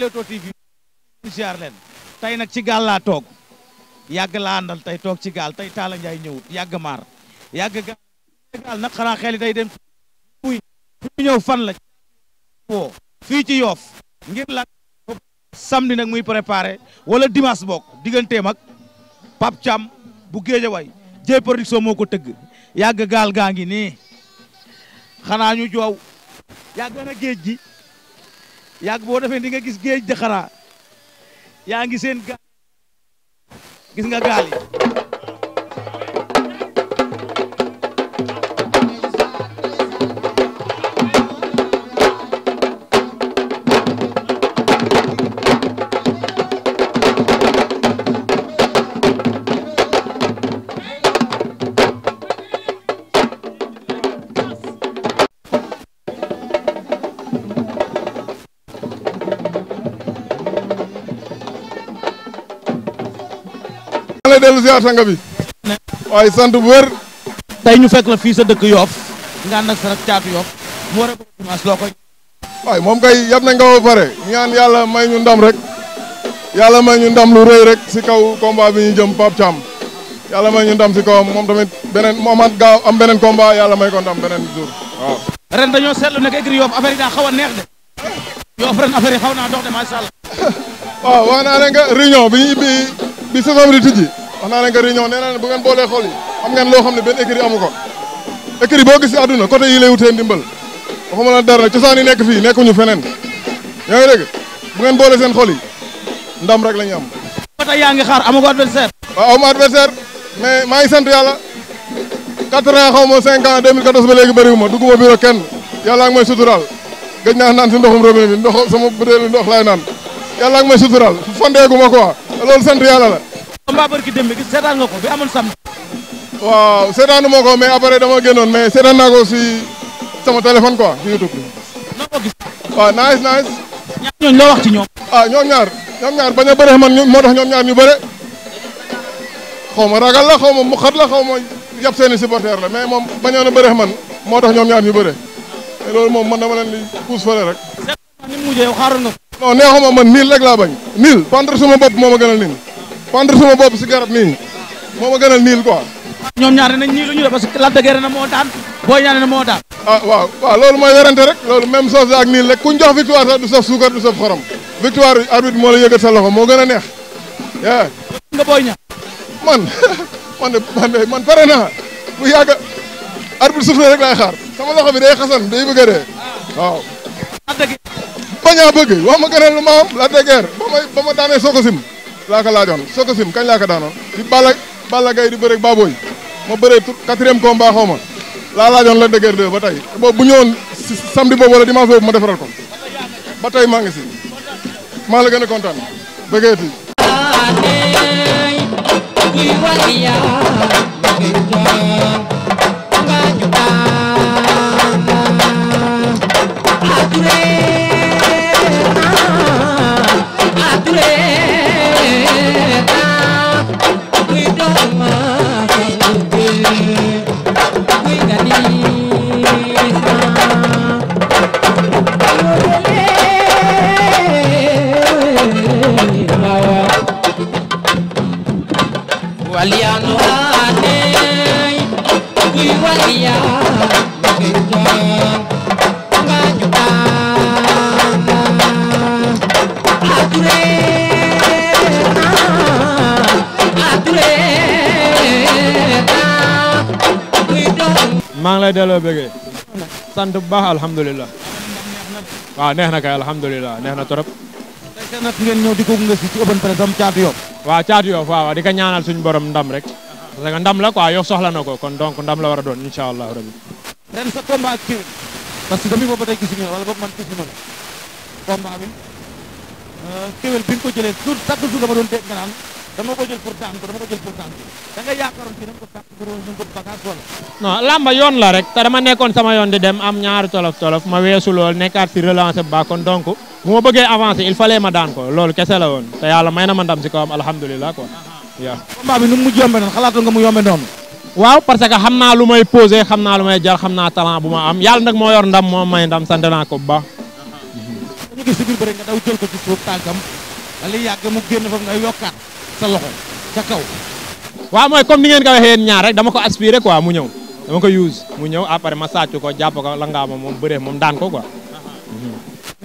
Leewtoo TV ziar leen tey nag ci gaal laa toog yàgg laa àndal tey toog ci gaal tey Talla Ndiaye ñëwut yàgg maar yàgg gaal nag xanaa xel yi day dem muy fi ñëw fan la fii ci yoof ngir la samedi nag muy préparé wala dimas book digganteem ak Pape Thiam bu Géejawaay jëy production moo ko tëgg yàgg gaal gaa ngi nii xanaa ñu joow yàgg na géej gi yàgg boo defee di nga gis géej jaxaraa yaa ngi seen gaal gis nga gaal naa dellu ziar sanga bi. waaye sant bu wér. tey ñu fekk la fii sa dëkk Yoff. nga ànd ak sa rek caatu Yoff. mu war a bëgg dimanche loo koy. waaye moom kay yab na ko ba pare ñaan yàlla may ñu ndam rek. yàlla may ñu ndam lu rëy rek si kaw combat bi ñu jëm Pape Thiam. yàlla may ñu ndam si kawam moom tamit beneen mu amaat gaaw am beneen combat yàlla may ko ndam beneen jour waaw. ren dañoo seetlu nekk écurie Yoff affaire daa xaw a neex de. Yoff ren affaire xaw naa dox de wax naa leen nga réunion nee naa leen bu ngeen boolee xool yi am ngeen loo xam ne benn écurie amu ko boo gis si àdduna côté yi lay wutee ndimbal waxuma la dara nag cosaan yi nekk fii nekkuñu feneen yaa ngi dégg bu ngeen boole seen xol yi ndam rek la ñu am. ba tey yaa ngi xaar amago adversaire. waaw amu adversaire mais maa ngi sant yàlla 4 ans xaw ma 5 ba léegi bëriwuma dugguma bureau kenn yàlla ak may suturaal gëj naa naan si ndoxum robinet bi ndox sama butéelu ndox laay naan yàlla ak may suturaal fandeegu ma quoi loolu sant yàlla la. combat barki démb gi seetaan nga ko bi amoon samedi. waaw seetaanu moo ko mais après dama génnoon mais seetaan naa ko si sama téléphone quoi si YouTube. noo ko gis. waaw nice nice. ñaar ñooñu loo wax ci ñoom. Ah, ñaar baña ñaar bañ a man moo tax ñoom ñaar yu bëre xaw ma ragal la xaw ma muxat la xaw ma yab seeni supporter la mais moom bañoon a bëre man moo tax ñoom ñaar ñu bëre loolu moom mën dama leen di pousse fële rek. seet ni mu mujjee yow xaaroon nga. non neexuma man niil moo ma gënal niil. pendre sama bopp si garab nii moo ma gënal niil quoi. ñoom ñaar nañ nii lu ñu def parce que Lac de Guiers na moo daan Boy Niang na moo daan. ah waaw waaw loolu mooy werante rek loolu même chose ak niil rek ku ñu jox victoire sax du saf suukar du saf xorom victoire bi moo la yëgal sa loxo moo gën a neex. yaa nga Boy Niang. man man de man de man pare naa bu yàgg arbitre suuf rek laay xaar sama loxo bi day xasan day bëgg a dee waaw. Lac de Guiers. bañ a bëgg wax ma a lu ma am Lac ba ma daanee soo laa ko laajoon soo sim kañ laa ko daanoon di Balla Balla Gaye di bëre ak Baboy ma bëree tout quatrième combat xaw ma laa laajoon la dëgër de ba tey boobu bu sam samedi boobu wala dimanche boobu ma defaral ko ba tey maa ngi si maa la gën a kontaan bëggeeti waliyaanu aatey kuy waliyaan ma koy jaan nga ñu daan aturee naa aturee naa kuy doon maa ngi lay delloo bëggee sant bu baax alhamdulilah waaw neex na kay alhamdulilah neex na trop tey seen at ngeen ñëw di ko gunge si ci open presse am caatu yoon waaw caatu Yoff waaw di ko ñaanal suñu borom ndam rek parce que ndam la quoi Yoff soxla na ko kon donc ndam la war a doon incha allah rabi. parce que depuis boobu ba tey gisuñu la wala boobu man gisuñu la combat bi euh, Kéwoulo bi nga ko jëlee tur chaque jour dama doon dégg nga naan dama ko jël pour daan ko dama ko jël pour daan ko da nga yaakaaroon fii ko fàq pour ñu ko yoon la rek te dama nekkoon sama yoon di dem am ñaari tolof tolof ma weesu lool nekkaat si relancer ba kon donc. bu bëggee avancer il fallait ma daan ko loolu kese la woon te yàlla may na ma ndam si kawam alhamdulilah quoi. waaw uh-huh. combat bi nu mu yombe noonu xalaatu nga mu yombe noonu. waaw parce que xam naa lu may posé xam naa lu may jar xam naa talent bu ma am yàlla nag moo yor ndam moo may ndam sant naa ko bu baax. Uh-huh. dañu gis si biir bëri nga daw jël ko ci suuf tànkam li yàgg mu génn foofu nga yokkaat sa loxo ca kaw. waaw mooy comme ni ngeen ko waxee yéen ñaar rek dama ko aspiré mu ñëw dama ko use ma sàcc ko jàpp ko la ngaa moom bëree moom daan ko quoi.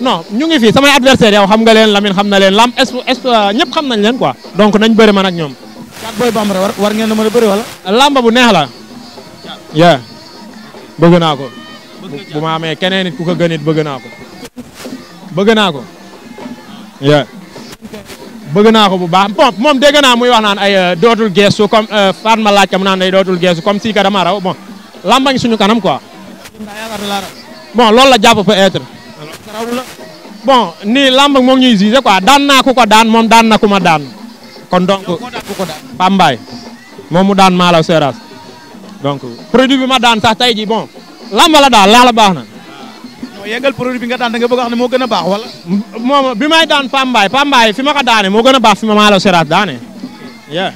non ñu ngi fii samay adversaire yow xam nga leen Lamine xam na leen lam est ñëpp xam nañ leen quoi donc nañ bëri man ak ñoom kat booy bambara war war ngeen a mën a bëri wala lamba bu neex la yeah bëgg naa ko bu ma amee keneen nit ku ko gën it bëgg naa ko bëgg naa ko yeah bëgg naa ko bu baax bon moom dégg naa muy wax naan ay euh, dootul geesu comme euh, faat ma laaj ka mu naan ay dootul geesu comme si ka dama raw bon lambañ suñu kanam quoi bon loolu la jàpp peut être raw la bon ni lamb moom ñuy jugé quoi daan naa ku ko daan moom daan na ku ma daan kon donc Pambaay moom mu daan Malaw Seras donc produit bi ma daan sax tey ji bon lamb la daal laa la baax na yeggal produit bi nga daan da nga bëgg wax ne moo gën a baax wala. moom bi may daan Pambaay Pambaay fi ma ko daane moo gën a baax fi ma Malaw Seras daane. yeah.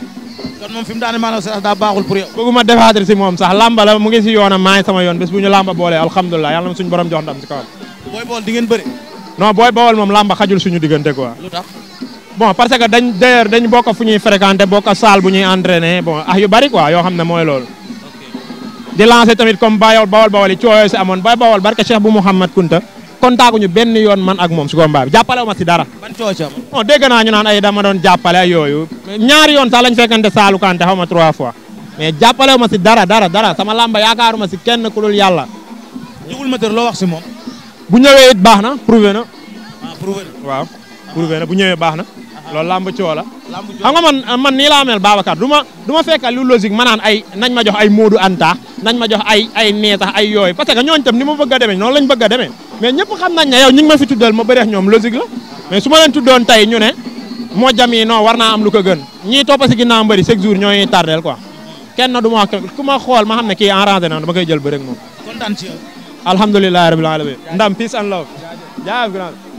kon moom fi mu daane Malaw Seras daa baaxul pour yow. bëgguma défendre si moom sax lamba la mu ngi si yoonam maa lamba booy bool di ngeen bëri. non booy bool moom làmba xajul suñu diggante quoi. tax bon parce que dañ d'ailleurs dañ bokk fu ñuy fréquenté bokk salle bu ñuy entraîné bon ah yu bari quoi yoo xam ne mooy loolu. di lance tamit comme bawol bawol bawol yi cooyoo si amoon bay bawol barke Cheikh bu Mouhamad Kunta ñu benn yoon man ak moom si combat bi jàppale ma si dara. ban coow ci am. naa ñu naan ay dama doon jàppale ay yooyu ñaari yoon sax lañ fekkante saalu kante xaw ma trois fois mais jàppale wu ma si dara dara dara sama làmba yaakaaruma si kenn ku dul yàlla. Double Moteur loo wax si moom. bu ñëwee baax na prouvé na. ah waaw. prouvé na bu ñëwee baax na. loolu lamb coow la. xam nga man man nii laa mel Babacar du ma du ma fekk lu logique ma naan ay nañ ma jox ay Modou Anta nañ ma jox ay ay neetax ay yooyu parce que ñooñ tam ni ma bëgg a demee noonu lañ bëgg demee mais ñëpp xam nañ ne yow ñu ngi ma fi tuddal ma bëreex ñoom logique la mais su ma leen tuddoon ñu ne moo jam yi non war naa am lu ko gën ñii toppa si ginnaaw mbëri chaque jour ñooy tardel quoi kenn du ma wax ku ma xool ma xam ne kii arrangé na dama koy jël bëri ak moom kontaan ci alhamdulillahi rabbil alamin ndam peace and love jaajëf grand